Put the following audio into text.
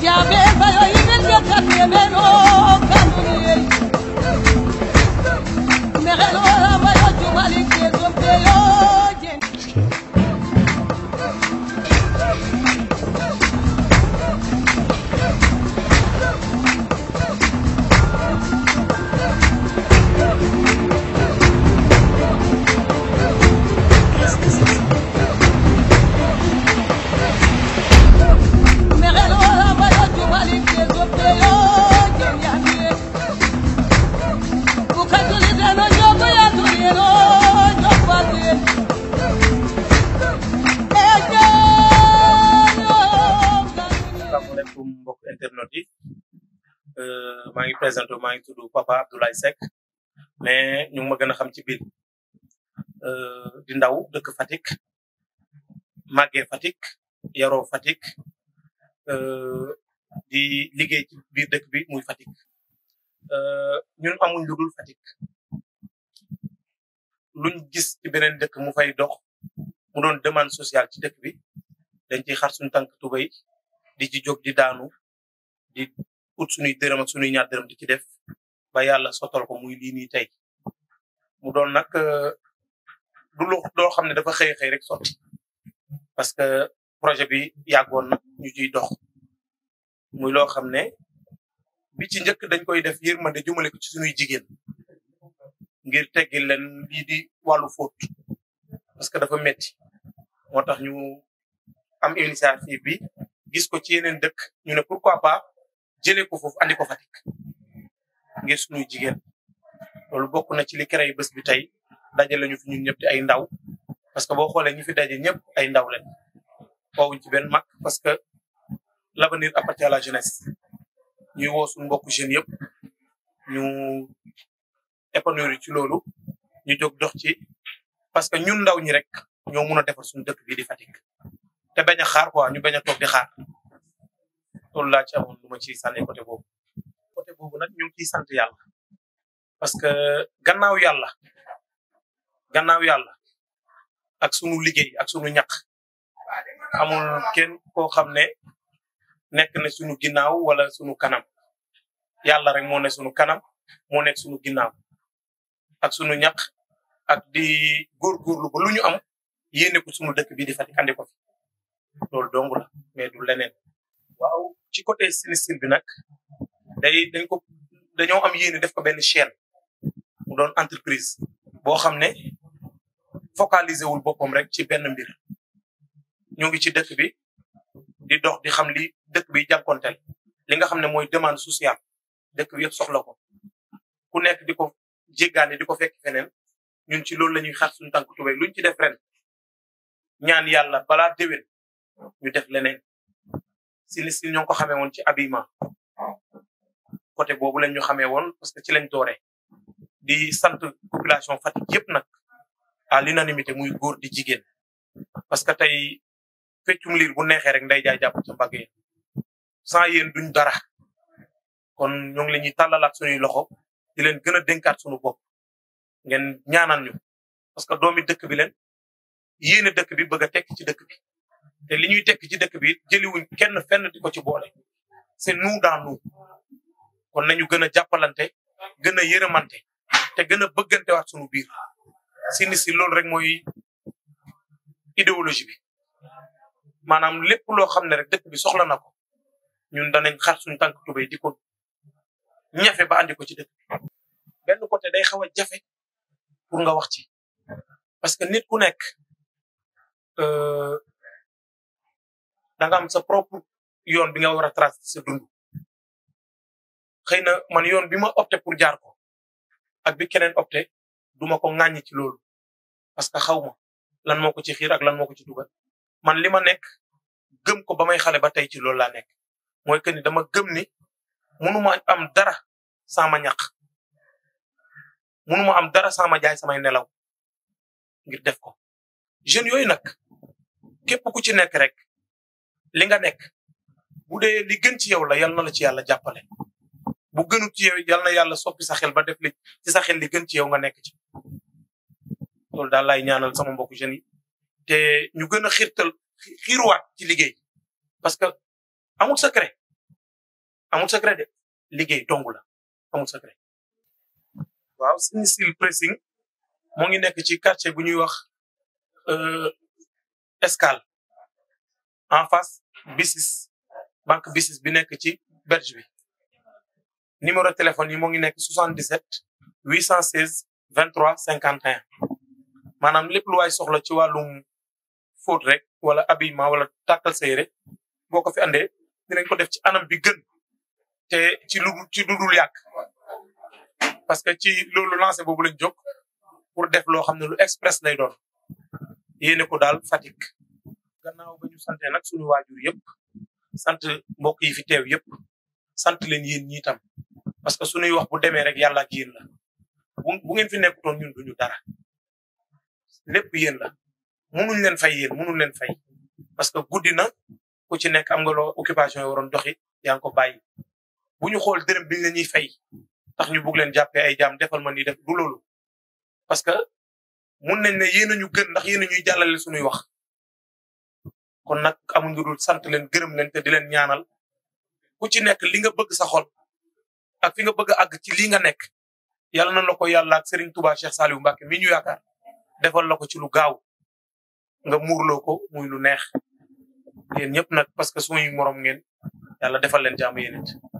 Yeah, man, I maa ngi présenté maa ngi tudd Papa Abdoulaye Seck mais ñu ngi ma gën a xam ci biir euh, di ndaw dëkk Fatick màggee Fatick yaroo Fatick euh, di liggéey ci biir dëkk bi muy Fatick euh, ñun amuñ lu dul Fatick luñ gis ci beneen dëkk mu fay dox mu doon demande sociale ci dëkk bi dañ ciy xar suñu tubay di ci jóg di daanu di ut suñuy dërëm ak suñuy ñaar dërëm di ci def ba yàlla sotal ko muy lii nii tey mu doon nag euh, du lu loo xam ne dafa xëy xëy rek sotti parce que projet bi yàggoon na ñu ciy dox muy loo xam ne bi ci njëkk dañ koy def yërmande jëmale jumale ci suñuy jigéen ngir teggil leen lii di wàllu fóot parce que dafa metti moo tax ñu am initiative bi gis ko ci yeneen dëkk ñu ne pourquoi pas jëlee ko foofu andi ko Fatick ngir suñuy jigéen loolu bokk na ci li créé bés bi tey dajale ñu fi ñun ñëpp di ay ndaw parce que boo xoolee ñu fi dajee ñëpp ay ndaw lañ woowuñ ci benn mag parce que l'avenir appartient à la jeunesse ñuy woo suñu mbokku jeunes yëpp ñu épanouir ci loolu ñu jóg dox ci parce que ñun ndaw ñi rek ñoo mun a defar suñu dëkk bii di Fatick te bañ xaar quoi ñu bañ a toog di xaar loolu laa ci amoon lu ma ciy sànni côté boobu côté boobu nag ñu ngi ciy sant yàlla parce que gannaaw yàlla gannaaw yàlla ak sunu liggéey ak sunu ñaq amul kenn koo xam ne nekk na sunu ginnaaw wala sunu kanam yàlla rek moo ne sunu kanam moo nekk sunu ginnaaw ak sunu ñaq ak di góorgóorlu ba lu ñu am yéene ko sunu dëkk bi di Fatick andi ko fi loolu dong la ci côté Sénégal bi nag day dañ ko dañoo am yéene def ko benn chaîne mu doon entreprise boo xam ne focalisé wul boppam rek ci benn mbir ñu ngi ci dëkk bi di dox di xam li dëkk bi jànkonteel li nga xam ne mooy demande sociale dëkk bi yëpp soxla ko ku nekk di ko jéggaane di ko fekk feneen ñun ci loolu la ñuy xaar suñu tànk tubéy luñ ci def ren ñaan yàlla balaa déwén ñu def leneen Silistil ñoo ngi ko xamee woon ci habillement côté boobu lañ ñu xamee woon parce que ci lañ doore di sant population Fatick yëpp nag à l'unanimité muy góor di jigéen parce que tey feccum liir bu neexee rek nday jaay jàpp ci mbagg yi sans yéen duñ dara kon ñoo ngi leen ñuy tàllalaat suñuy loxo di leen gën a dénkaat suñu bopp ngeen ñaanal ñu parce que doomi dëkk bi leen yéene dëkk bi bëgg a tekk ci dëkk bi te li ñuy tekk ci dëkk bi jëliwuñ kenn fenn di ko ci boole c'est nous dans nous kon nañu gën a jàppalante gën a yërëmante te gën a bëggante waat sunu biir sini si loolu rek mooy idéologie bi maanaam lépp loo xam ne rek dëkk bi soxla na ko ñun danañ xar suñ tànk tubéy di ko ba andi ko ci dëkk bi benn côté day xaw a jafe pour nga wax ci parce que nit ku nekk euh, da am sa propre yoon bi nga war a tracé sa dund xëy na man yoon bi ma opté pour jaar ko ak bi keneen opté duma ko ŋàññi ci loolu parce que xaw ma lan moo ko ci xiir ak lan moo ko ci dugal man li ma nekk gëm ko ba may xale ba tey ci loolu laa nekk mooy que ni dama gëm ni mënuma am dara sama ñaq mënuma am dara sama diay samay nelaw ngir def ko jeunes yooyu nag képp ku ci nekk rek li nga nekk bu dee li gën ci yow la yal na la ci yàlla jàppale bu gënut ci yow yal yàlla soppi sa xel ba def li ci sa li gën ci yow nga nekk ci loolu daal laay ñaanal sama mbokku jeunes te ñu gën a xiirtal xiirwaat ci liggéey parce que amul secret amul secret de liggéey dong la amul secret waaw Sine Style pressing moo ngi nekk ci quartier bu ñuy wax euh, Escale en face bisis banque BICIS bi nekk ci berge bi numéro téléphone yi moo ngi nekk 77 816 23 51 maanaam lépp lu waay soxla ci wàllum fóot rek wala habillement wala tàkkal sa yére boo ko fi andee dinañ ko def ci anam bi gën te ci lu ci lu dul yàq que ci loolu lancé boobu lañ jóg pour def loo xam ne lu express lay doon yéene daal Fatick gannaaw ba ñu sante nag suñu waajur yëpp sant mbokk yi fi teew yëpp sant leen yéen ñi tam parce que suñuy wax bu demee rek yàlla ak yéen la bu ngeen fi nekkutoon ñun duñu dara lépp yéen la munuñ leen fay yéen munuñ leen fay parce que guddi na ku ci nekk am nga loo occupation yi waroon doxi yaa ngi ko bàyyi bu ñu xool dërëm bi la ñuy fay tax ñu bugg leen jàppee ay jaam defal ma ni def du loolu parce que mun nañ ne yéen a ñu gën ndax yéen a ñuy jàllale suñuy wax kon nag amuñ lu dul sant leen gërëm leen te di leen ñaanal ku ci nekk li nga bëgg sa xol ak fi nga bëgg àgg ci lii nga nekk yalla na la ko yàlla ak Serigne Touba Cheikh Saliou Mbacké mi ñu yaakaar defal la ko ci lu gaaw nga muurloo ko muy lu neex yéen ñëpp nag parce que suñuy morom ngeen yalla defal leen jàmm yéen it